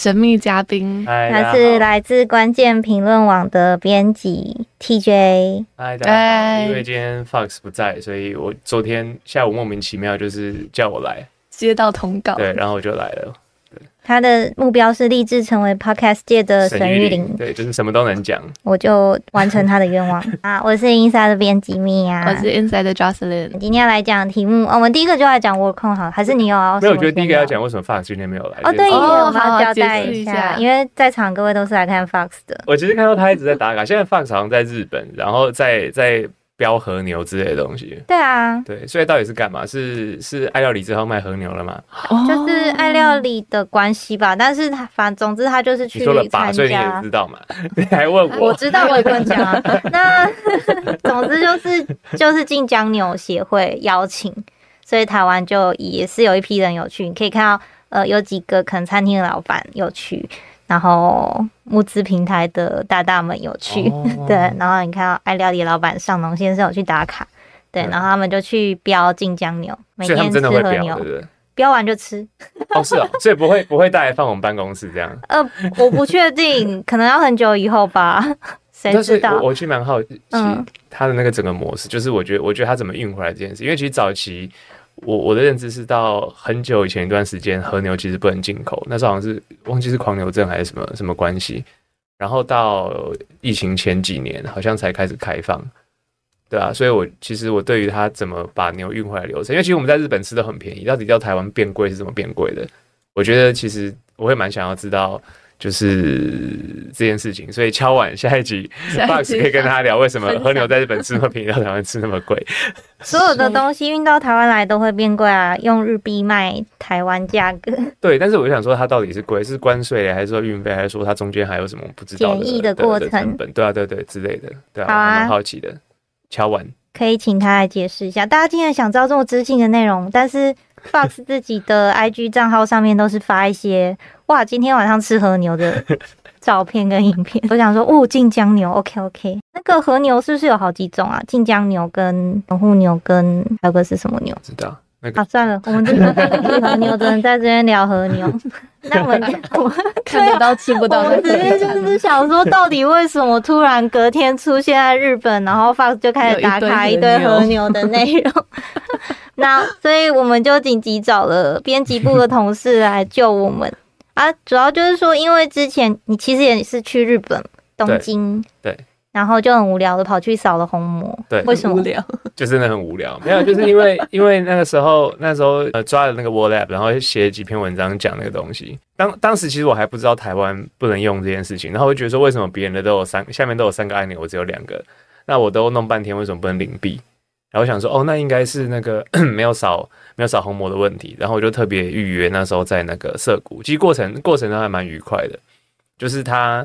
神秘嘉賓，他是來自關鍵評論網的編輯 TJ。嗨，大家好。Hi. 因為今天 Fox 不在，所以我昨天下午莫名其妙就是叫我來，接到通告，對，然後我就來了。他的目標是立志成為 podcast 界的神玉沈玉琳，對，就是什麼都能講。我就完成他的願望 啊！我是 Inside 的編輯 Mia 啊，我是 Inside 的 Jocelyn 今天要來講題目、哦，我們第一個就要講 Worldcoin 好，還是你有啊、嗯？沒有，我覺得第一個要講為什麼 Fox 今天沒有來。嗯、哦，對哦，我們要、哦、好好交代一下，因為在場各位都是來看 Fox 的。我其實看到他一直在打卡，現在 Fox 好像在日本，然後在在。標和牛之類的東西，對啊，對，所以到底是幹嘛？是是愛料理之後賣和牛了嗎？啊、就是愛料理的關係吧、哦。但是他反總之他就是去參加了，所以你也知道嗎？ 你還問我、啊？我知道，我也跟你講、啊。 那總之就是就是近江牛協會邀請，所以台灣就也是有一批人有去。你可以看到，呃，有幾個可能餐廳的老板有去。然後募資平台的大大們有去，哦、 對，然後你看愛料理老闆上農先生有去打卡、嗯，對，然後他們就去標近江牛，每天真的會標，標完就吃。哦，是啊、哦， 所以不會不會帶來放我們辦公室這樣。呃，我不確定， 可能要很久以後吧，誰知道？我就蠻好奇他的那個整個模式，嗯、就是我覺得我覺得他怎麼運回來這件事，因為其實早期。我我的認知是到很久以前一段時間，和牛其實不能進口，那時候好像是忘記是狂牛症還是什麼什麼關係。然後到疫情前幾年，好像才開始開放，對吧、啊？所以我，我其實我對於它怎麼把牛運回來流程，因為其實我們在日本吃的很便宜，到底到台灣變貴是怎麼變貴的？我覺得其實我會蠻想要知道。就是這件事情，所以敲碗下一集，Box 可以跟他聊為什麼和牛在日本吃那麼便宜，到台灣吃那麼貴。所有的東西運到台灣來都會變貴啊，用日幣賣台灣價格。 對，但是我想說，它到底是貴，是關稅，還是說運費，還是說它中間還有什麼不知道的？簡易的過程。成本。對啊，對對之類的。對啊，啊我很好奇的。敲碗可以請他來解釋一下，大家竟然想知道這麼知性的內容，但是。Fox 自己的 IG 賬號上面都是發一些哇，今天晚上吃和牛的照片跟影片。 我想說，哦，近江牛，OK OK。那個和牛是不是有好幾種啊？近江牛，跟牛跟、跟神戶牛、跟還有個是什麼牛？知道。 好，算了， 我們這和牛只能在這邊聊和牛， 和牛 那我們看得到吃不到。 我們直接就是想說，到底為什麼突然隔天出現在日本，然後 Fox 就開始打卡一堆和牛的內容。那 所以我們就緊急找了編輯部的同事來救我們 啊！主要就是說，因為之前你其實也是去日本東京，對。對然後就很無聊的跑去掃了虹膜，對，為什麼無聊？就真、是、的很無聊，沒有就是因為 因為那個時候那時候呃抓了那個 Worldcoin，然後寫幾篇文章講那個東西。當當時其實我還不知道台灣不能用這件事情，然後我就覺得說，為什麼別人的都有三下面都有三個按鈕，我只有兩個，那我都弄半天為什麼不能領幣？然後我想說哦，那應該是那個沒有掃沒有掃虹膜的問題，然後我就特別預約，那時候在那個澀谷，其實過程過程上還蠻愉快的，就是他。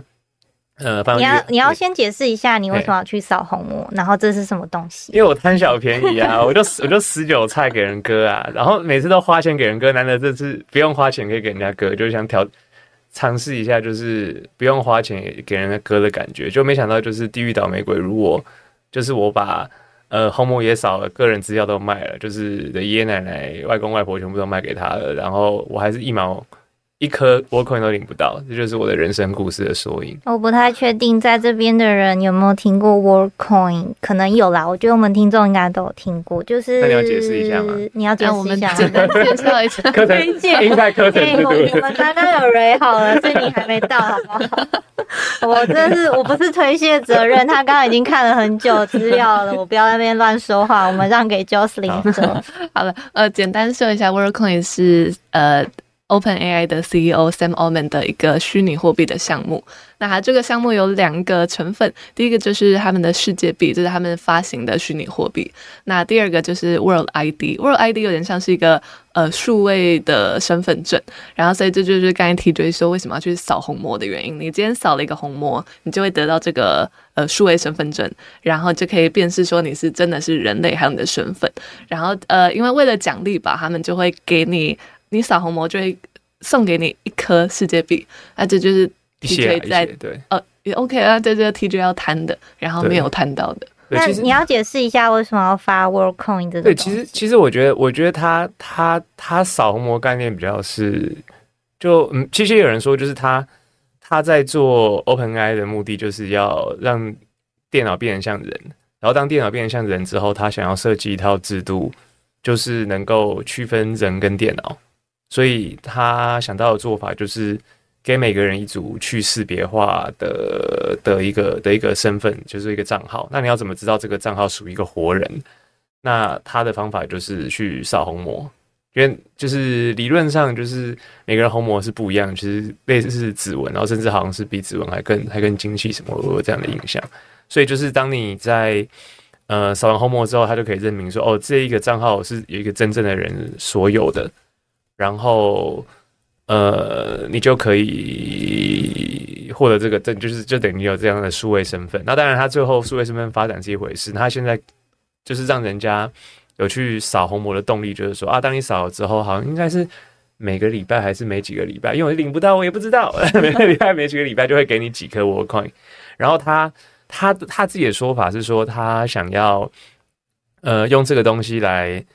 呃、就是，你要你要先解釋一下你為什麼要去掃虹膜，欸，然後這是什麼東西？因為我貪小便宜啊， 我就我就是韭菜給人割啊，然後每次都花錢給人割，難得這次不用花錢可以給人家割，就想挑嘗試一下，就是不用花錢給人家割的感覺，就沒想到就是地獄倒霉鬼，如果就是我把呃虹膜也掃了，個人資料都賣了，就是的爺爺奶奶、外公外婆全部都賣給他了，然後我還是一毛。一顆 Worldcoin 都領不到，這就是我的人生故事的縮影。我不太確定在這邊的人有沒有聽過 Worldcoin，可能有啦。我覺得我們聽眾應該都有聽過，就是那你要解釋一下嗎？你要解釋一下，啊、我們整介紹一下課 課程。應該課程、欸，你 們們剛剛有人好了，所以你還沒到，好不好？ 我真的是我不是推卸責任，他剛剛已經看了很久資料了，我不要在那邊亂說話，我們讓給 Joslyn 走好了。呃，簡單說一下 Worldcoin 是呃。OpenAI 的 CEO Sam Altman 的一個虛擬貨幣的項目。那這個項目有兩個成分，第一個就是他們的世界幣，這、就是他們發行的虛擬貨幣。那第二個就是 World ID，World ID 有點像是一個呃數位的身份證。然後所以這就是剛才提到說為什麼要去掃虹膜的原因。你今天掃了一個虹膜，你就會得到這個呃數位身份證，然後就可以辨識說你是真的是人類還有你的身份。然後呃，因為為了獎勵吧，他們就會給你，你掃虹膜就會送給你一顆世界幣，啊，這就是世界在對呃也 O K 啊，對、uh, okay, 這個題就要談的，然後沒有談到的。那你要解釋一下為什麼要發 Worldcoin 這個？對，其實其實，其實我覺得，我覺得他他他掃虹膜概念比較是就嗯，其實有人說就是他他在做 Open AI 的目的就是要讓電腦變成像人，然後當電腦變成像人之後，他想要設計一套制度，就是能夠區分人跟電腦。所以他想到的做法就是給每個人一組去識別化的的一個的一個身份，就是一個賬號。那你要怎麼知道這個賬號屬於一個活人？那他的方法就是去掃虹膜，因為就是理論上就是每個人虹膜是不一樣，其、就、實、是、類似指紋，然後甚至好像是比指紋還更還更精細，什麼有這樣的印象。所以就是當你在呃掃完虹膜之後，他就可以證明說，哦，這一個賬號是有一個真正的人所有的。然後，呃，你就可以獲得這個證，就是就等於有這樣的數位身份。那當然，他最後數位身份發展是一回事。那他現在就是讓人家有去掃虹膜的動力，就是說啊，當你掃了之後，好像應該是每個禮拜還是每幾個禮拜，因為領不到，我也不知道。每個禮拜每幾個禮拜就會給你幾顆 Worldcoin。然後他他他自己的說法是說，他想要呃用這個東西來。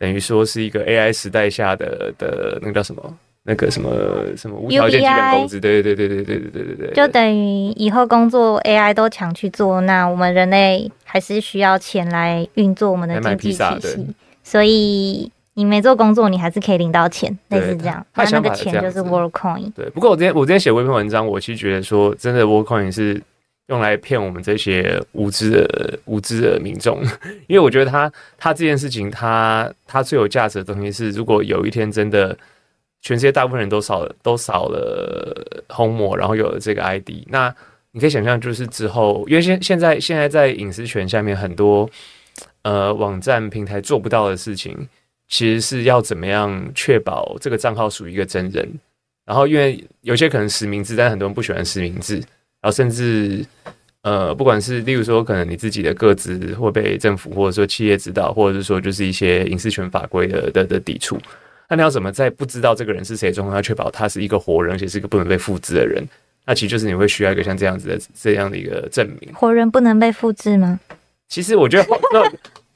等於說是一個 A I 時代下的的那個叫什麼？那個什麼什麼無條件基本工資？對，對對對對對對對對對就等於以後工作 A I 都搶去做，那我們人類還是需要錢來運作我們的經濟體系。還蠻披薩的。所以你沒做工作，你還是可以領到錢，類似這樣。那那個錢就是 World Coin。對。不過我之前我之前寫過一篇文章，我其實覺得說真的 World Coin 是。用來騙我們這些無知的無知的民眾，因為我覺得他他這件事情他，他他最有價值的東西是，如果有一天真的全世界大部分人都掃了都掃了虹膜，然後有了這個 ID，那你可以想象，就是之後，因為現現在現在在隱私權下面，很多呃網站平台做不到的事情，其實是要怎麼樣確保這個賬號屬於一個真人，然後因為有些可能實名制，但很多人不喜歡實名制，然後甚至，呃，不管是例如說，可能你自己的個資會被政府，或者說企業知道，或者是說就是一些隱私權法規的的的抵觸。那你要怎麼在不知道這個人是誰中，要確保他是一個活人，而且是一個不能被複製的人？那其實就是你會需要一個像這樣子的這樣的一個證明。活人不能被複製嗎？其實我覺得。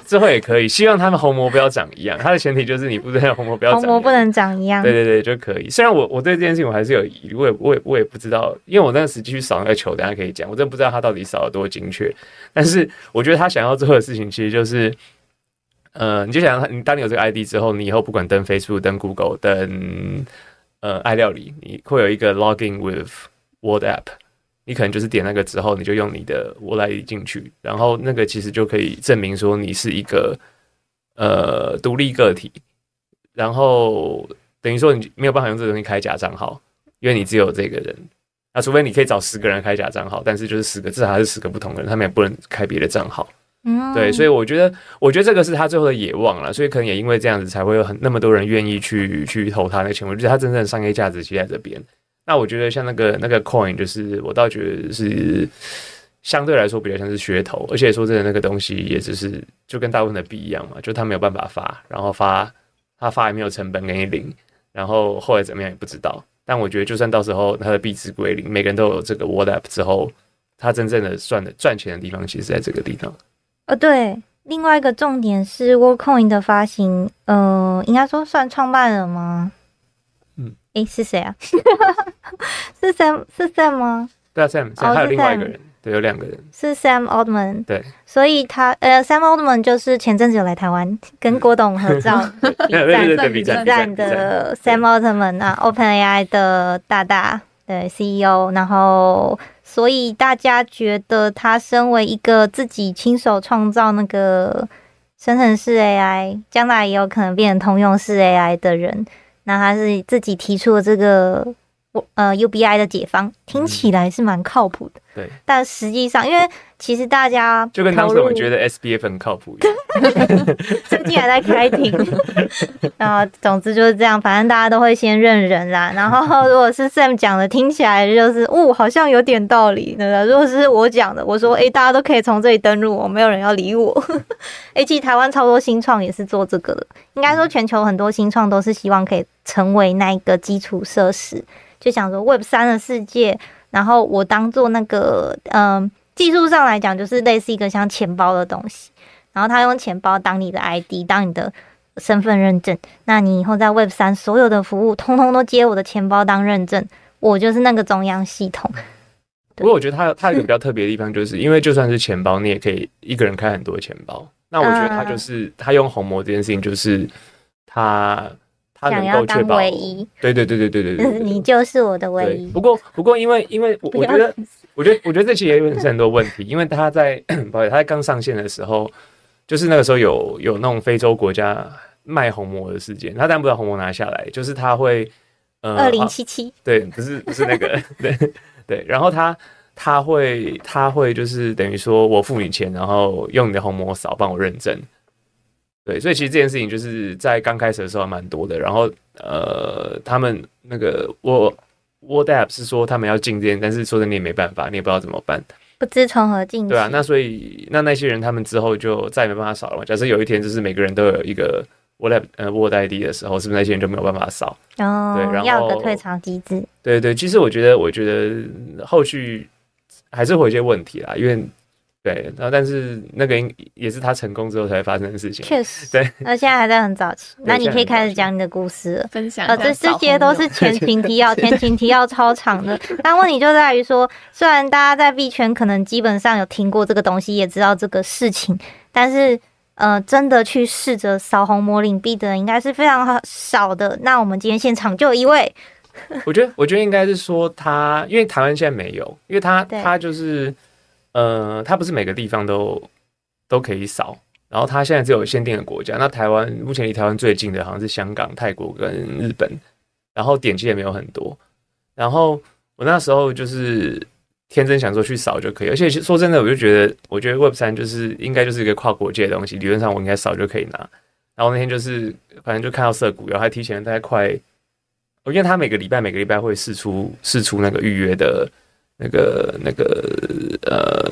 之後也可以，希望他們虹膜不要長一樣。他的前提就是你不知道虹膜不要長一樣。虹膜不能長一樣。對對對，就可以。雖然我我對這件事情我還是有疑，我也我也我也不知道，因為我那時繼續掃那個球，等一下可以講，我真的不知道他到底掃的多精確。但是我覺得他想要做的事情，其實就是，呃，你就想要，你當你有這個 ID 之後，你以後不管登 Facebook、登 Google 登、登呃愛料理，你會有一個 login with World App 你可能就是點那個之後，你就用你的我來進去，然後那個其實就可以證明說你是一個呃獨立個體，然後等於說你沒有辦法用這個東西開假賬號因為你只有這個人，那、啊、除非你可以找十個人開假賬號但是就是十個至少還是十個不同的人，他們也不能開別的賬號，對，所以我覺得我覺得這個是他最後的野望了，所以可能也因為這樣子才會有很那麼多人願意去去投他那個錢，我覺得他真正的商業價值其實在這邊。那我覺得像那個那個 coin，就是我倒覺得是相對來說比較像是噱頭，而且說真的，那個東西也只是就跟大部分的幣一樣嘛，就他沒有辦法發，然後發他發也沒有成本給你領，然後後來怎麼樣也不知道。但我覺得就算到時候它的幣值歸零，每個人都有這個 World App 之後，它真正的賺的賺錢的地方其實在這個地方。呃、哦，對，另外一個重點是 Worldcoin 的發行，嗯、呃，應該說算創辦人嗎？嗯，哎、欸，是誰啊？ 是 Sam 是 Sam 嗎？對啊，Sam，還、oh, 有另外一個人，Sam. 對，有兩個人。是 Sam Altman，對。所以他呃，Sam Altman 就是前陣子有來台灣跟郭董合照，比讚比讚的 Sam Altman 啊，OpenAI 的大大，對，CEO。然後，所以大家覺得他身為一個自己親手創造那個生成式 AI，將來也有可能變成通用式 AI 的人。那他是自己提出了這個，呃 UBI 的解方，聽起來是蠻靠譜的。對，但實際上，因為其實大家就跟當時我們覺得 SBF 很靠譜一樣， 最近還在開庭 然後總之就是這樣，反正大家都會先認人啦。然後，如果是 Sam 講的，聽起來就是哦，好像有點道理，對不對？如果是我講的，我說哎、欸，大家都可以從這裡登入，我沒有人要理我。A G、欸、台灣超多新創也是做這個的，應該說全球很多新創都是希望可以成為那一個基礎設施，就想說 Web 三的世界。然後我當做那個，嗯、呃，技術上來講，就是類似一個像錢包的東西。然後他用錢包當你的 ID，當你的身份認證。那你以後在 Web 三所有的服務，通通都接我的錢包當認證，我就是那個中央系統。不過我覺得他他有一個比較特別的地方，就是因為就算是錢包，你也可以一個人開很多錢包。那我覺得他就是他用虹膜這件事情，就是他。他保想要當唯一，對對對對對對,對,對,對,對,對,對,對 你就是我的唯一。不過不過因，因為因為我覺得，我覺得我覺得這其實也有很多問題， 因為他在，他在剛上線的時候，就是那個時候有有那種非洲國家賣虹膜的事件，他當然不知道虹膜拿下來，就是他會，呃，二零七七，對，不是不是那個， 對對，然後他他會他會就是等於說我付你錢，然後用你的虹膜掃幫我認證。對，所以其實這件事情就是在剛開始的時候還蠻多的，然後呃，他們那個 World App 是說他們要禁店，但是說真的你也沒辦法，你也不知道怎麼辦，不知從何禁。對啊，那所以那那些人他們之後就再也沒辦法掃了，嘛。假設有一天就是每個人都有一個 World App，呃，World ID 的時候，是不是那些人就沒有辦法掃？哦，對，然後要個退場機制。對對，其實我覺得我覺得後續還是會有一些問題啦，因為。對，然後但是那個應也是他成功之後才發生的事情。確實，對，那現在還在很早期。那你可以開始講你的故事了，呃，分享哦。這、呃、這些都是前情提要， 前情提要超長的。 但問題就在於說，雖然大家在幣圈可能基本上有聽過這個東西，也知道這個事情，但是呃，真的去試着掃虹膜領幣的人應該是非常少的。那我們今天現場就有一位。 我覺得，我覺得應該是說他，因為台灣現在沒有，因為他他就是。呃，它不是每個地方都都可以掃，然後它現在只有限定的國家。那台灣目前離台灣最近的好像是香港、泰國跟日本，然後點擊也沒有很多。然後我那時候就是天真想說去掃就可以，而且說真的，我就覺得，我覺得 Web3 就是應該就是一個跨國界的東西，理論上我應該掃就可以拿。然後那天就是反正就看到澀谷，然後還提前大概快，我、哦、因為他每個禮拜每個禮拜會釋出釋出那個預約的。那個、那個、呃，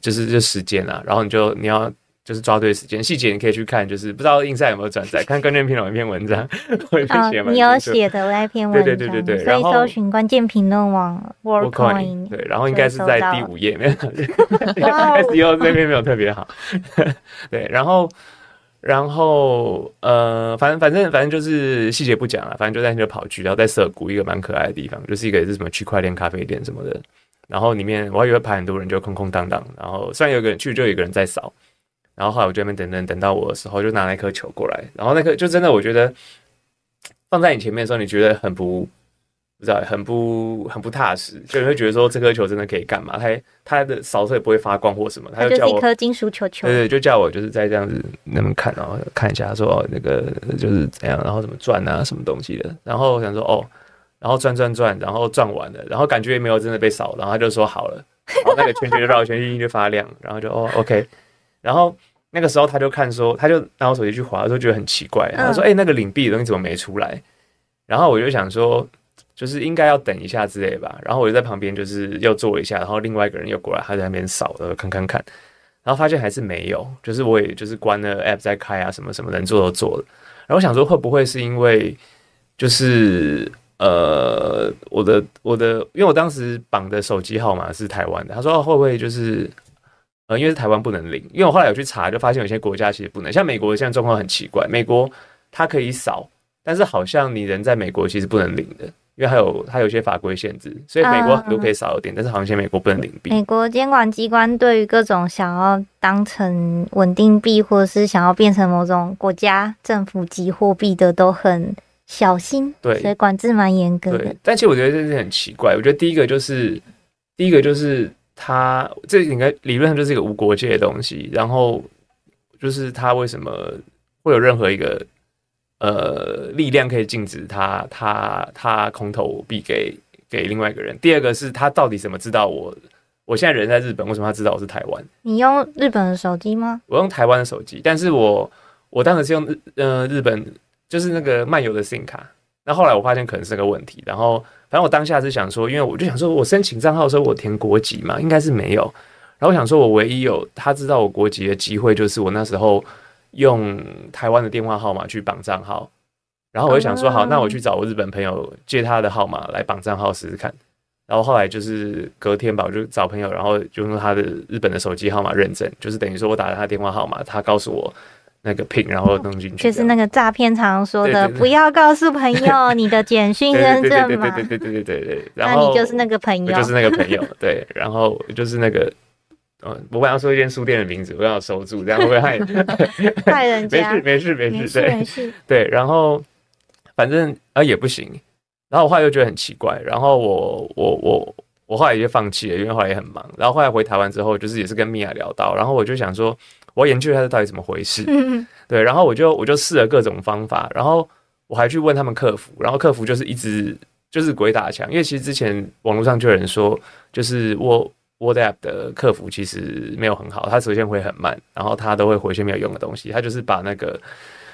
就是這、就是、時間啊，然後你就你要就是抓對時間，細節你可以去看，就是不知道 INSIDE 有沒有轉載， 看關鍵評論一篇文章， 哦、寫你要寫的那篇文章， 對對對對對，可以搜尋關鍵評論網 Worldcoin，對，然後應該是在第五頁面，SEO 那邊沒有特別好， 對，然後。然後，呃，反正反正反正就是細節不講了、啊，反正就在那邊跑去，然後在澀谷一個蠻可愛的地方，就是一個是什麼區塊鏈咖啡店什麼的。然後裡面我還以為排很多人，就空空蕩蕩。然後雖然有個人去，就有一個人在掃。然後後來我就在那邊等等，等到我的時候，就拿了一顆球過來。然後那顆就真的，我覺得放在你前面的時候，你覺得很不。不知道，很不很不踏實，就會覺得說這顆球真的可以幹嘛？它它的掃射也不會發光或什麼，它就叫我，它就一顆金屬球球，對對，就叫我就是在這樣子那麼看，然後看一下說，說、哦、那個就是怎樣，然後怎麼轉啊，什麼東西的，然後想說哦，然後轉轉轉，然後轉完了，然後感覺也沒有真的被掃，然後他就說好了，然後那個圈圈繞,繞 圈圈就發亮，然後就哦 OK，然後那個時候他就看說，他就拿我手機去劃，說覺得很奇怪，他、嗯、說哎、欸、那個領幣的東西怎麼沒出來？然後我就想說。就是應該要等一下之類吧，然後我就在旁邊就是又坐一下，然後另外一個人又過來，他在那邊掃了，看看看，然後發現還是沒有，就是我也就是關了 app 再開啊，什麼什麼能做都做了，然後想說會不會是因為就是呃我的我的，因為我當時綁的手機號碼是台灣的，他說會不會就是呃因為是台灣不能領，因為我後來有去查就發現有些國家其實不能，像美國現在狀況很奇怪，美國它可以掃，但是好像你人在美國其實不能領的。因為它有它有一些法規限制，所以美國很多可以少一點，嗯，但是好像現在美國不能領幣。美國監管機關對於各種想要當成穩定幣，或者是想要變成某種國家政府級貨幣的，都很小心，對，所以管制蠻嚴格的。對，對，但其實我覺得這是很奇怪。我覺得第一個就是，第一個就是它這應該理論上就是一個無國界的東西，然後就是它為什麼會有任何一個？呃，力量可以禁止他，他他空投幣給給另外一個人。第二個是他到底怎麼知道我？我現在人在日本，為什麼他知道我是台灣？你用日本的手機嗎？我用台灣的手機，但是我我當時是用日，呃，日本就是那個漫遊的 SIM 卡。那後，後來我發現可能是這個問題。然後反正我當下是想說，因為我就想說我申請賬號的時候我填國籍嘛，應該是沒有。然後我想說我唯一有他知道我國籍的機會，就是我那時候。用台灣的電話號碼去綁賬號，然後我就想說，嗯，好，那我去找我日本朋友借他的號碼來綁賬號試試看。然後後來就是隔天吧，我就找朋友，然後就用他的日本的手機號碼認證，就是等於說我打了他的電話號碼，他告訴我那個 PIN，然後弄進去。就是那個詐騙常、常說的，對對對，不要告訴朋友你的簡訊認證嘛。 對、對、對、對、對對對對對對對。然後 你就是那個朋友，就是那個朋友。對，然後就是那個。我我要說一間書店的名字，我要收住，這樣會不會害 害人家。 沒事沒事沒事，對沒事對。然後反正啊也不行，然後我後來又覺得很奇怪，然後我我我我後來就放棄了，因為後來也很忙。然後後來回台灣之後，就是也是跟米婭聊到，然後我就想說，我要研究一下這到底怎麼回事。嗯。對，然後我就我就試了各種方法，然後我還去問他們客服，然後客服就是一直就是鬼打牆，因為其實之前網絡上就有人說，就是我。World App 的客服其實沒有很好，他首先回很慢，然後他都會回一些沒有用的東西，他就是把那個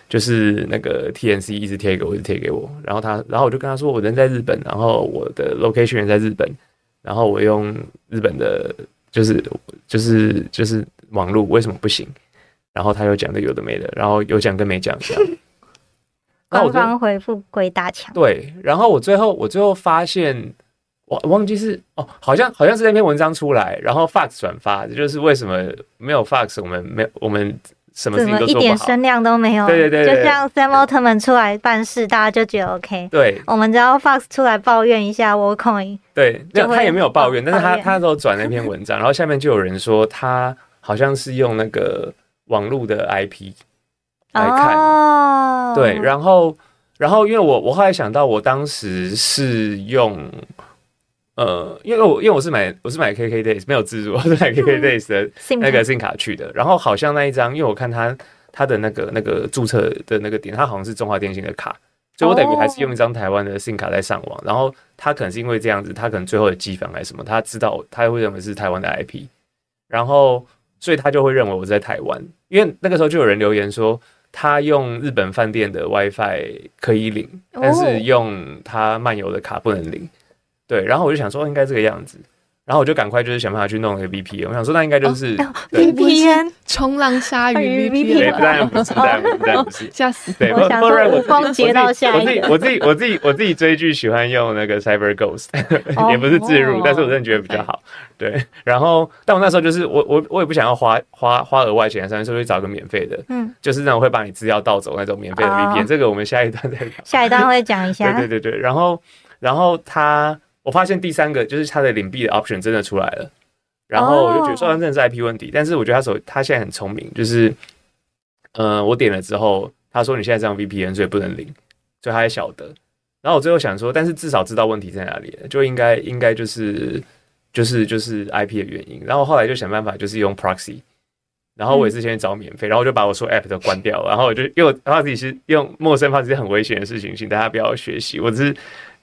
就是那個 TNC 一直貼給我，一直貼給我，然後他，然後我就跟他說，我人在日本，然後我的 location 在日本，然後我用日本的、就是，就是就是就是網絡為什麼不行？然後他又講的有的沒的，然後有講跟沒講這樣， 官方回復鬼打牆，對，然後我最後我最後發現。我忘記是哦，好像好像是那篇文章出來，然後 Fox 轉發，這就是為什麼沒有 Fox，我們沒有我們什麼事情都做不好，一點聲量都沒有、啊。對，對對對，就像 Sam Altman 出來辦事，大家就覺得 OK。對，我們只要 Fox 出來抱怨一下，Worldcoin 對沒有，他也沒有抱怨，但是他但是他，他都轉那篇文章， 然後下面就有人說他好像是用那個網絡的 IP 來看。哦、oh，對，然後然後因為我我後來想到，我當時是用。呃，因為我因為我是買我是買 KK days 沒有自助，我是買 KK days 的那個 SIM 卡去的，嗯，然後好像那一張，因為我看他他的那個那個註冊的那個點，他好像是中華電信的卡，所以我等於還是用一張台灣的 SIM 卡在上網，哦。然後他可能是因為這樣子，他可能最後的機房還是什麼，他知道他會認為是台灣的 IP，然後所以他就會認為我在台灣。因為那個時候就有人留言說，他用日本飯店的 WiFi 可以領，但是用他漫遊的卡不能領。哦嗯對，然後我就想說，應該這個樣子，然後我就趕快就是想辦法去弄 VPN 我想說，那應該就是 VPN 衝浪鯊魚 VPN 不是，oh, 但不是，不是，嚇死！對，不然我光接到下一個我我，我自己，我自己，我自己，我自己追劇喜歡用那個 Cyber Ghost， oh, 也不是置入，oh, oh. 但是我真的覺得比較好。對，然後，但我那時候就是我，我，我也不想要花花花額外錢，所以就會找個免費的，嗯，就是那種會把你資料盜走那種免費的 VPN、oh, 這個我們下一段再講，下一段會 講一下，對，對,對，對。然後然後他。我發現第三個就是他的領幣的 option 真的出來了，然後我就覺得說真的是 IP 問題，但是我覺得他所他現在很聰明，就是嗯、呃，我點了之後，他說你現在這樣 VPN，所以不能領，所以他也曉得。然後我最後想說，但是至少知道問題在哪裡，就應該應該就是就是就是 IP 的原因。然後後來就想辦法，就是用 proxy，然後我也是先去找免費，然後我就把我說的 app 都關掉，然後我就因為我我自己是用陌生方式是很危險的事情，請大家不要學習，我只是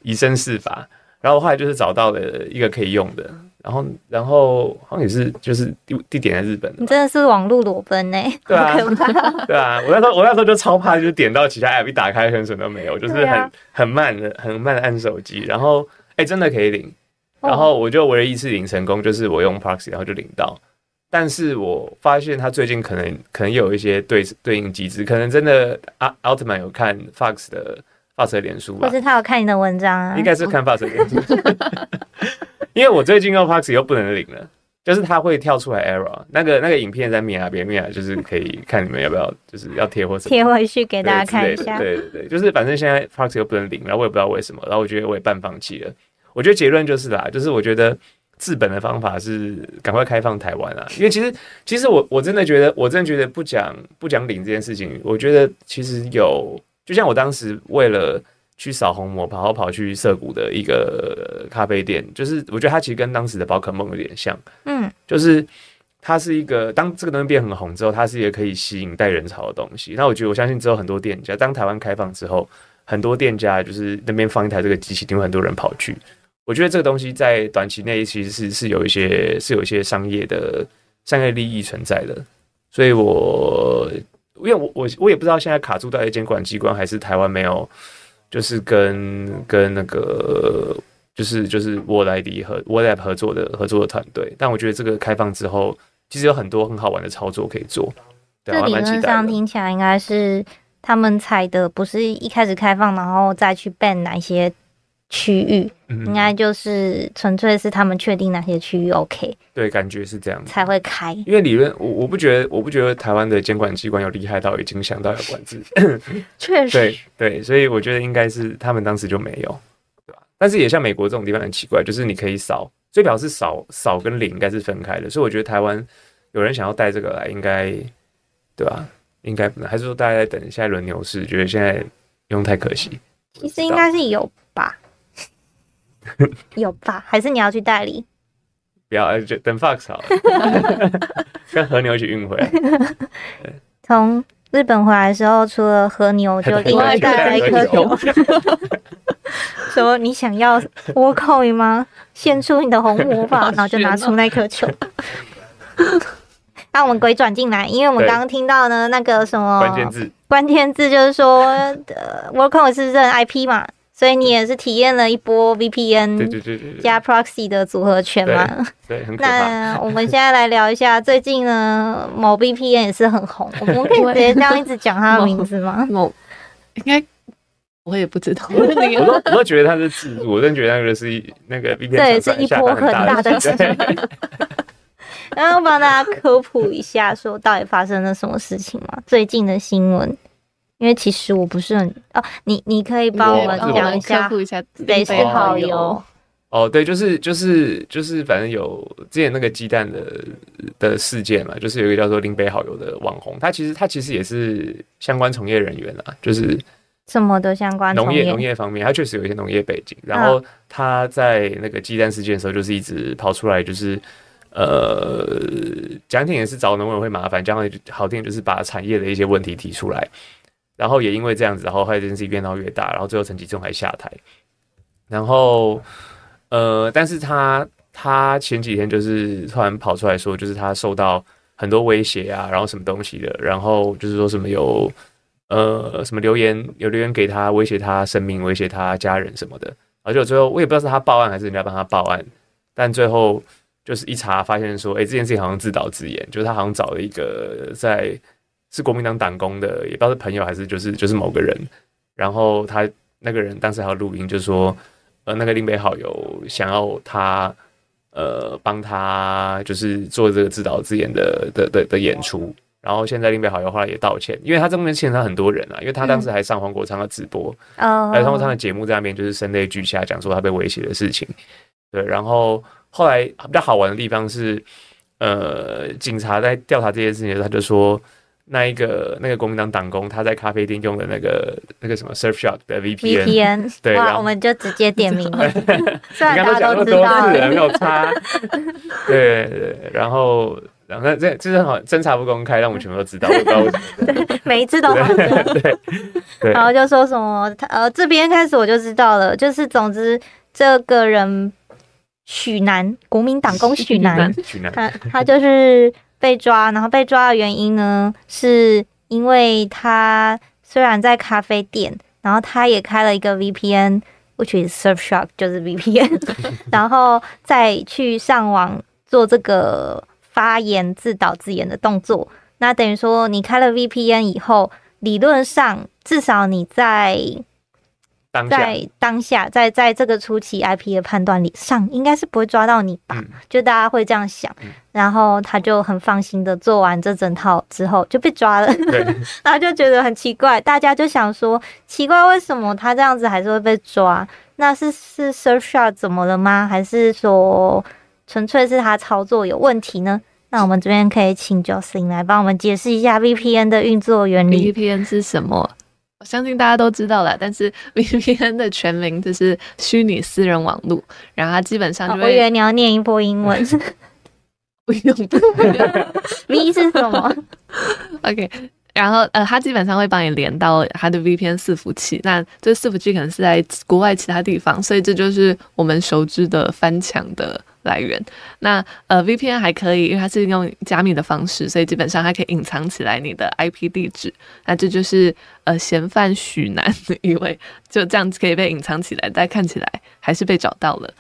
以身試法。然後我後來就是找到了一個可以用的，然後然後好像也是就是地地點在日本。你真的是網路裸奔誒、欸！對啊， 對啊！我那時候我那時候就超怕，就點到其他 APP 一打開什麼都沒有，就是很、啊、很，慢很慢的很慢按手機。然後哎、欸，真的可以領，然後我就唯一一次領成功，哦、就是我用 Proxy 然後就領到。但是我發現他最近可能可能有一些對對應機制，可能真的阿 Altman 有看 Fox 的。發車臉書就是他有看你的文章啊。應該是看發車臉書、哦、 因為我最近 OPX 又不能領了，就是他會跳出來 error。那個那個影片在 mia，別 mia，就是可以看你們要不要，就是要貼或貼回去給大家看一下。對對對，就是反正現在 OPX 又不能領，然後我也不知道為什麼，然後我覺得我也半放棄了。我覺得結論就是啦，就是我覺得治本的方法是趕快開放台灣啊，因為其實其實我我真的覺得，我真的覺得不講不講領這件事情，我覺得其實有。就像我當時為了去掃虹膜，跑跑跑去澀谷的一個咖啡店，就是我覺得它其實跟當時的寶可夢有點像，嗯，就是它是一個當這個東西變很紅之後，它是一個可以吸引帶人潮的東西。那我覺得我相信，之後很多店家當台灣開放之後，很多店家就是那邊放一台這個機器，就會很多人跑去。我覺得這個東西在短期內其實是是有一些是有一些商業的商業利益存在的，所以我。因為我我我也不知道現在卡住到底監管機關還是台灣沒有就、那個，就是跟跟那個就是就是 World ID 和 World App 合作的合作的團隊，但我覺得這個開放之後，其實有很多很好玩的操作可以做。對啊、我這理論上聽起來應該是他們採的，不是一開始開放，然後再去 ban 哪些。區域、嗯、應該就是純粹是他們確定哪些區域 OK，對，感覺是這樣才會開。因為理論，我我不覺得，我不覺得台灣的監管機關有厲害到已經想到要管制。確 實，對對，所以我覺得應該是他們當時就沒有，對吧？但是也像美國這種地方很奇怪，就是你可以掃，所以表示掃掃跟零應該是分開的，所以我覺得台灣有人想要帶這個來，應該對吧？應該不能，還是說大家在等下一輪牛市，覺得現在不用太可惜？其實應該是有。 有吧？還是你要去代理？不要，就等 Fox 好了， 跟和牛一起運回從、啊、 日本回來的時候，除了和牛，我就另外帶來一顆球。什麼？你想要 Worldcoin 嗎？獻出你的虹膜吧，然後就拿出那顆球。 那我們鬼轉進來，因為我們剛剛聽到的呢，那個什麼關鍵字，關鍵字就是說 Worldcoin 是，是認 IP 嘛。所以你也是體驗了一波 VPN 加 Proxy 的組合拳嘛？那我們現在來聊一下，對對對對，最近呢某 VPN 也是很紅，我們可以直接這樣一直講它的名字嗎？某，某，應該我也不知道、那個， 我都，我我我覺得它是， 是，我真覺得那個是那個 VPN 對，是一波很大的事情。 然後幫大家科普一下，說到底發生了什麼事情嗎、啊？最近的新聞。因為其實我不是很哦，你你可以幫我們講一下，等一下。好油哦，對，就是就是就是，就是、反正有之前那個雞蛋的的事件嘛，就是有一個叫做林北好油的網紅，他其實他其實也是相關從業人員啦，就是什麼的相關農業農業方面，他確實有一些農業背景。然後他在那個雞蛋事件的時候，就是一直跑出來，就是、嗯、呃，講聽也是找農委會麻煩，講的好聽就是把產業的一些問題提出來。然後也因為這樣子，然後，後這件事情變到越大，然後最後陳吉仲還下台。然後，呃，但是他他前幾天就是突然跑出來說，就是他受到很多威脅啊，然後什麼東西的，然後就是說什麼有呃什麼留言，有留言給他威脅他生命，威脅他家人什麼的。而且最後我也不知道是他報案還是人家幫他報案，但最後就是一查發現說，誒、欸，這件事情好像自導自演，就是他好像找了一個在。是國民黨黨工的，也不知道是朋友還是就是就是某個人。然後他那個人當時還有錄音，就說：“呃，那個林北好油想要他呃幫他，就是做這個自導自演的的的的演出。”然後現在林北好油後來也道歉，因為他這邊現場很多人啊，因為他當時還上黃國昌的直播，啊、嗯，來黃國昌的節目，在那邊就是聲淚俱下講說他被威脅的事情。對，然後後來比較好玩的地方是，呃，警察在調查這件事情，他就說。那一個那個國民黨黨工，他在咖啡店用的那個那個什麼 Surfshark 的 VPN，VPN 對，然後哇，我們就直接點名， 雖然大家都知道了， 剛剛 沒有差。 對，對對，然後然後這這是好偵查不公開，讓我們全部都知道。我到 每一次都好 ，然後就說什麼他呃這邊開始我就知道了，就是總之這個人許楠，國民黨工許楠，楠，他他就是。 被抓，然後被抓的原因呢，是因為他雖然在咖啡店，然後他也開了一個 VPN，which is Surfshark，就是 VPN， 然後再去上網做這個發言、自導自演的動作。那等於說，你開了 VPN 以後，理論上至少你在。當在當下，在在這個初期 IP 的判斷裡，上應該是不會抓到你吧、嗯？就大家會這樣想，然後他就很放心的做完這整套之後就被抓了， 他就覺得很奇怪，大家就想說，奇怪，為什麼他這樣子還是會被抓？那是是 Surfshark 怎麼了嗎？還是說純粹是他操作有問題呢？嗯、那我們這邊可以請 Jocelyn 來幫我們解釋一下 VPN 的運作原理。VPN 是什麼？我相信大家都知道了，但是 VPN 的全名就是虛擬私人網路，然後他基本上就會、哦，我以為你要念一波英文，不 用不用，V 是什麼？OK，然後呃，他基本上會幫你連到他的 VPN 伺服器，那這伺服器可能是在國外其他地方，所以這就是我們熟知的翻牆的。來源，那呃，VPN 還可以，因為它是用加密的方式，所以基本上它可以隱藏起來你的 IP 地址。那這就是呃，嫌犯許男的一位，就這樣子可以被隱藏起來，但看起來還是被找到了。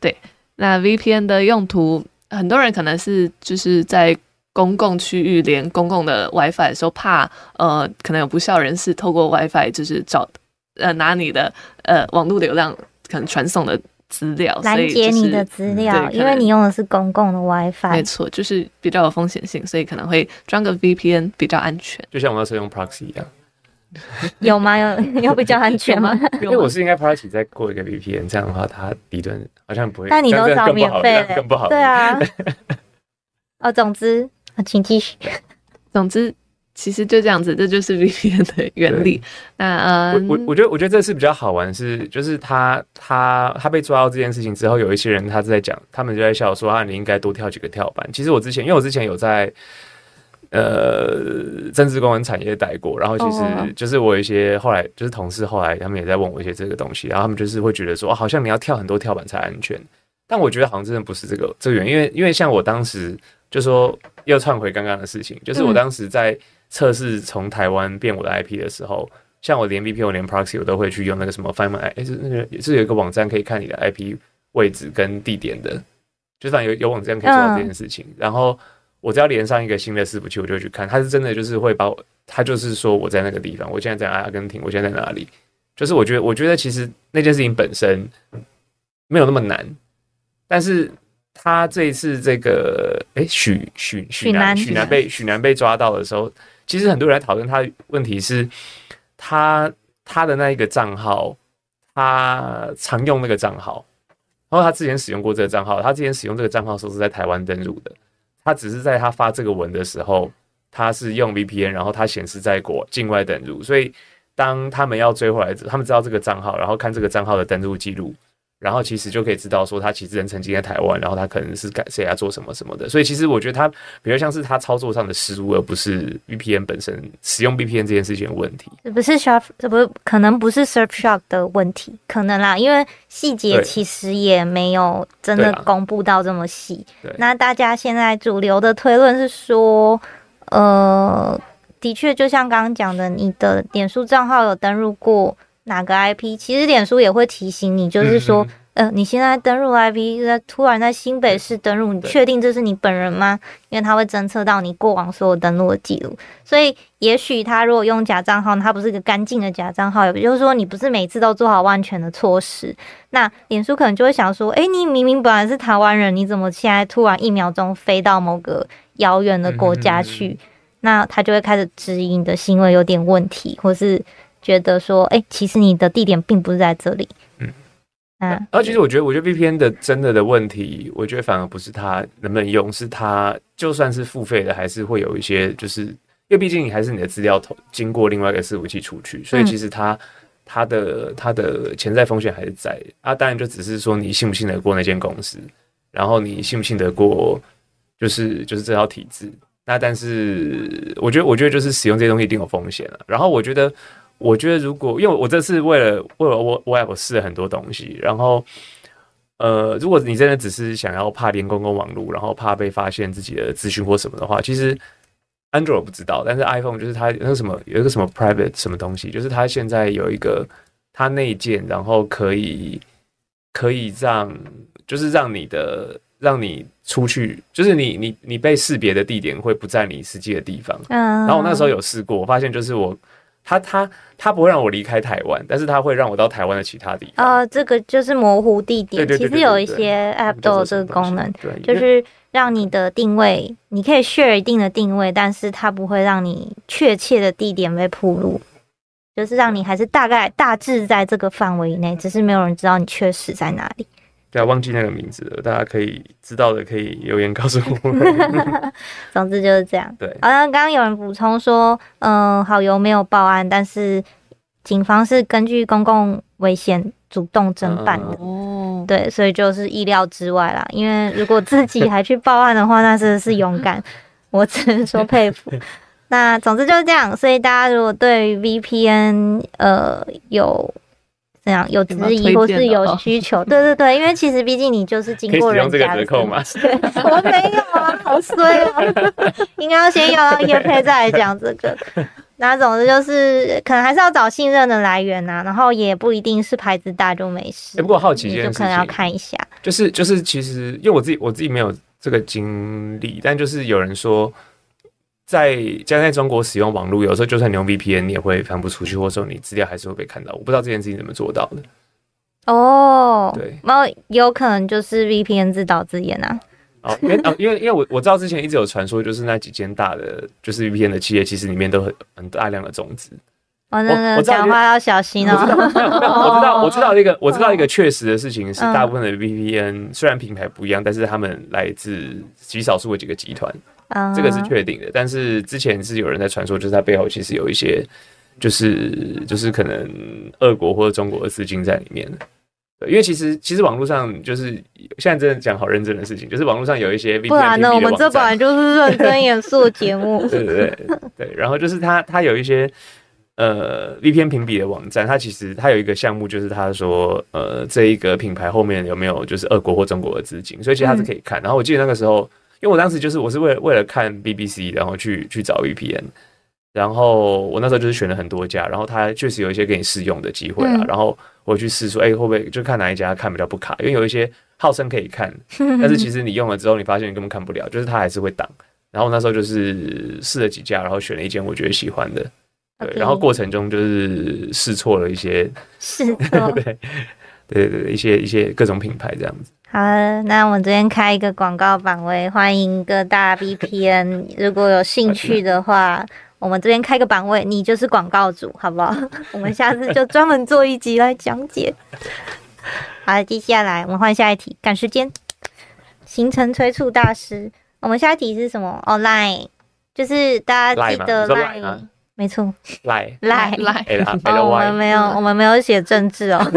對，那 VPN 的用途，很多人可能是就是在公共區域連公共的 WiFi 的時候怕，怕呃，可能有不肖人士透過 WiFi 就是找呃，拿你的呃網絡流量可能傳送的。資料攔、就是、截你的資料、嗯，因為你用的是公共的 WiFi。沒錯，就是比較有風險性，所以可能會裝個 VPN 比較安全。就像我們那時候用 Proxy 一樣，有嗎？有，有比較安全嗎，嗎，嗎？因為我是應該 Proxy 再過一個 VPN，這樣的話它底端好像不會。但你都找免費的更、啊欸，更不好。對啊。 哦，總之，請繼續。總之。其實就這樣子，這就是 VPN 的原理。那、嗯、我我我覺得我覺得這是比較好玩是，是就是他他他被抓到這件事情之後，有一些人他是在講，他們就在笑說啊，你應該多跳幾個跳板。其實我之前因為我之前有在呃政治公文產業待過，然後其實就是我一些後來就是同事後來他們也在問我一些這個東西，然後他們就是會覺得說，哦、好像你要跳很多跳板才安全。但我覺得好像真的不是這個這個原因，因為因為像我當時就說又串回剛剛的事情，就是我當時在。嗯測試從台灣變我的 IP 的時候，像我連 VPN 我連 Proxy，我都會去用那個什麼 Find My，哎、欸、是那個是有一個網站可以看你的 IP 位置跟地點的，就算有有網站可以做到這件事情、嗯。然後我只要連上一個新的伺服器，我就會去看，他是真的就是會把我，他就是說我在那個地方，我現在在阿根廷，我現在在哪裡？就是我覺得我覺得其實那件事情本身沒有那麼難，但是他這一次這個，誒、欸、許許許,許,許南許南,許南被許南被抓到的時候。其實很多人來討論他的問題是他他的那一個賬號，他常用那個賬號，然後他之前使用過這個賬號，他之前使用這個賬號的時候是在台灣登錄的，他只是在他發這個文的時候，他是用 VPN，然後他顯示在國境外登錄，所以當他們要追回來，他們知道這個賬號，然後看這個賬號的登錄記錄。然後其實就可以知道說他其實人曾經在台灣，然後他可能是改誰啊做什麼什麼的，所以其實我覺得他，比較像是他操作上的失誤，而不是 VPN 本身使用 VPN 這件事情的問題，這不是 Surf，不是可能不是 Surfshark 的問題，可能啦，因為細節其實也沒有真的公布到這麼細、啊。那大家現在主流的推論是說，呃，的確就像剛剛講的，你的點數賬號有登錄過。哪個 IP？其實臉書也會提醒你，就是說， 呃，你現在登錄 IP 在突然在新北市登錄，你確定這是你本人嗎？因為他會偵測到你過往所有登錄的記錄，所以也許他如果用假賬號，他不是一個乾淨的假賬號，也就是說你不是每次都做好萬全的措施，那臉書可能就會想說，誒、欸，你明明本來是台灣人，你怎麼現在突然一秒鐘飛到某個遙遠的國家去？ 那他就會開始質疑你的行為有點問題，或是。覺得說，哎、欸，其實你的地點並不是在這裡。嗯、啊、嗯。而、啊、其實我覺得，我覺得 VPN 的真的的問題，我覺得反而不是它能不能用，是它就算是付費的，還是會有一些，就是因為畢竟你還是你的資料投經過另外一個伺服器出去，所以其實它、嗯、它的它的潛在風險還是在。啊，當然就只是說你信不信得過那間公司，然後你信不信得過就是就是這套體制。那但是我覺得，我覺得就是使用這些東西一定有風險了、啊。然後我覺得。我覺得，如果因為我這次為了為了我我也試了很多東西，然後呃，如果你真的只是想要怕連公共網絡，然後怕被發現自己的資訊或什麼的話，其實 Android 我不知道，但是 iPhone 就是它那什麼有一個什麼 private 什麼東西，就是它現在有一個它內建，然後可以可以讓就是讓你的讓你出去，就是你你你被識別的地點會不在你實際的地方。嗯，然後我那時候有試過，我發現就是我。他他他不會讓我離開台灣，但是他會讓我到台灣的其他地方。呃，這個就是模糊地點，對對對對對對對，其實有一些 App 都有這個功能，對對對對對，就是讓你的定位。對對對對對，你可以 share 一定的定位，但是它不會讓你確切的地點被暴露。就是讓你還是大概大致在這個範圍內，只是沒有人知道你確實在哪裡。要忘記那個名字了，大家可以知道的可以留言告訴我 總之就是這樣。對，好像剛剛有人補充說，嗯、呃，好油沒有報案，但是警方是根據公共危險主動偵辦的。哦、嗯，對，所以就是意料之外啦。因為如果自己還去報案的話， 那真的是勇敢，我只能說佩服。 那總之就是這樣。所以大家如果對於 VPN 呃有這樣有質疑或是有需求，對對對，因為其實畢竟你就是經過人家的，用這個折扣嗎？對。 我沒有啊， 好衰啊， 應該要先要一葉佩，再來講這個。那總之就是，可能還是要找信任的來源吶、啊，然後也不一定是牌子大就沒事。欸、不過好奇就可能要看一下。就是就是，其實因為我自己我自己沒有這個經歷，但就是有人說。在將在中國使用網絡，有時候就算你用 VPN，你也會翻不出去，或者說你資料還是會被看到。我不知道這件事情怎麼做到的。哦，對，然後有可能就是 VPN 自導自演啊。哦，因為因為我我知道之前一直有傳說，就是那幾間大的就是 VPN 的企業，其實裡面都很很大量的種子。Oh, no, no, 我講的話要小心哦、喔。Oh. 我知道，我知道一個，我知道一個確實的事情是，大部分的 VPN 雖然品牌不一樣，oh. 但是他們來自極少數的幾個集團。這個是確定的，uh, 但是之前是有人在傳說，就是它背後其實有一些，就是就是可能俄國或者中國的資金在裡面。對，因為其實其實網絡上就是現在真的講好認真的事情，就是網絡上有一些 VPN。不然呢，我們這本來就是認真嚴肅的節目 對對對。對對對。然後就是它它有一些呃 VPN 評比的網站，它其實它有一個項目，就是他說呃這一個品牌後面有沒有就是俄國或中國的資金，所以其實他，他是可以看、嗯。然後我記得那個時候。因為我當時就是我是為了為了看 BBC，然後去去找 VPN，然後我那時候就是選了很多家，然後它確實有一些給你試用的機會啊、嗯，然後我去試說，哎、欸，會不會就看哪一家看比較不卡？因為有一些號稱可以看，但是其實你用了之後，你發現你根本看不了， 就是它還是會擋。然後那時候就是試了幾家，然後選了一間我覺得喜歡的，對，Okay. 然後過程中就是試錯了一些 對，對對對，一些一些各種品牌這樣子。好，那我們這邊開一個廣告版位，歡迎各大 VPN， 如果有興趣的話，我們這邊開個版位，你就是廣告主，好不好？ 我們下次就專門做一集來講解。好，接下來我們換下一題，趕時間，行程催促大師。我們下一題是什麼？Online，、oh, 就是大家記得 line，, line 沒錯，line line line, line,、oh, line。我們沒有，嗯、我們沒有寫政治哦。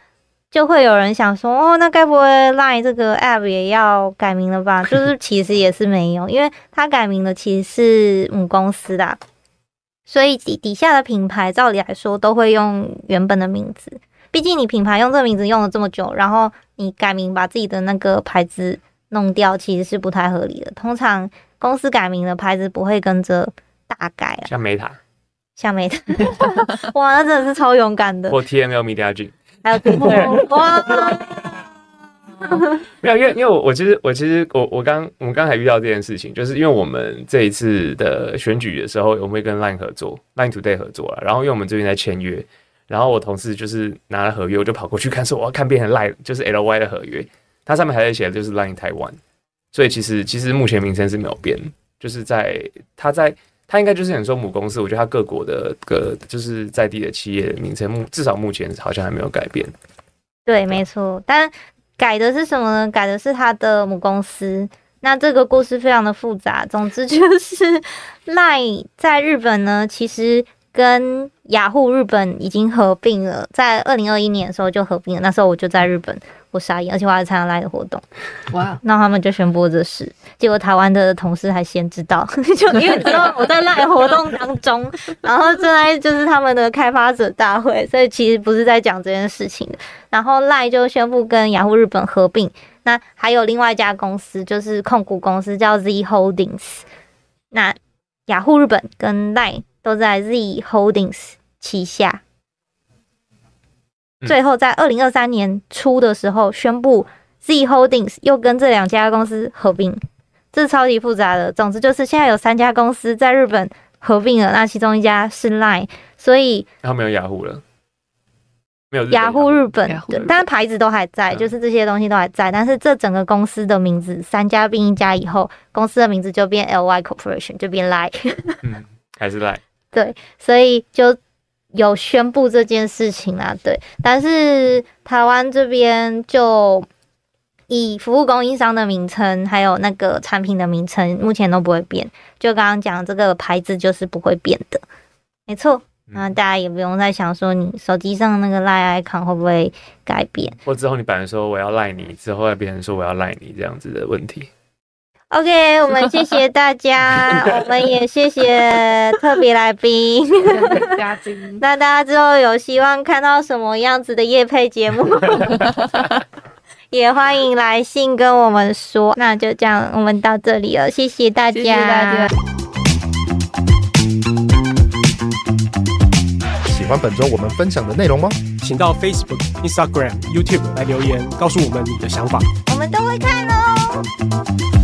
就會有人想說，哦，那該不會 Line 這個 App 也要改名了吧？就是其實也是沒有，因為它改名的其實是母公司的，所以底底下的品牌照理來說都會用原本的名字。畢竟你品牌用這個名字用了這麼久，然後你改名把自己的那個牌子弄掉，其實是不太合理的。通常公司改名的牌子不會跟着大改啊。像 Meta，像 Meta， 哇，那真的是超勇敢的。或 TML Media G 還有燈光，沒有，因為因為我其實我其實我我剛我們剛才遇到這件事情，就是因為我們這一次的選舉的時候，我們會跟 LINE 合作，LINE Today 合作了，然後因為我們最近在簽約，然後我同事就是拿了合約，我就跑過去看，說我要看變成 LINE 就是 LY 的合約，它上面還在寫的就是 LINE 台灣，所以其實其實目前名稱是沒有變，就是在他在。他應該就是你說母公司，我覺得他各國的個就是在地的企業名稱，目至少目前好像還沒有改變。對，沒錯，但改的是什麼呢？改的是他的母公司。那這個故事非常的複雜，總之就是 LINE 在日本呢，其實跟雅虎日本已經合併了，在二零二一年的時候就合併了。那時候我就在日本，我傻眼，而且我還參加 LINE 的活動。哇！那他們就宣布這事，結果台灣的同事還先知道， 就因為知道我在 LINE 活動當中， 然後正在就是他們的開發者大會，所以其實不是在講這件事情的。然後 LINE 就宣布跟雅虎日本合併，那還有另外一家公司就是控股公司叫 Z Holdings。那雅虎日本跟 LINE。都在 Z Holdings 旗下，嗯、最後在二零二三年初的時候宣布，Z Holdings 又跟這兩家公司合併，這超級複雜的。總之就是現在有三家公司在日本合併了，那其中一家是 Line，所以然後沒有雅虎了，沒有、啊、雅虎日本，雅虎日本，雅虎日本，但牌子都還在、嗯，就是這些東西都還在，但是這整個公司的名字，三家併一家以後，公司的名字就變 LY Corporation，就變 Line， 嗯，還是 Line。對，所以就有宣布這件事情啊，對，但是台灣這邊就以服務供應商的名稱，還有那個產品的名稱，目前都不會變。就剛剛講的這個牌子就是不會變的，沒錯。那大家也不用再想說你手機上那個賴 icon 會不會改變，嗯、或之後你本人說我要賴你，之後變成說我要賴你這樣子的問題。OK，我們謝謝大家， 我們也謝謝特別來賓。 那大家之後有希望看到什麼樣子的業配節目， 也歡迎來信跟我們說。那就這樣，我們到這裡了，謝謝大家。謝謝大家。喜歡本周我們分享的內容嗎？請到 Facebook、Instagram、YouTube 來留言，告訴我們你的想法。我們都會看哦。嗯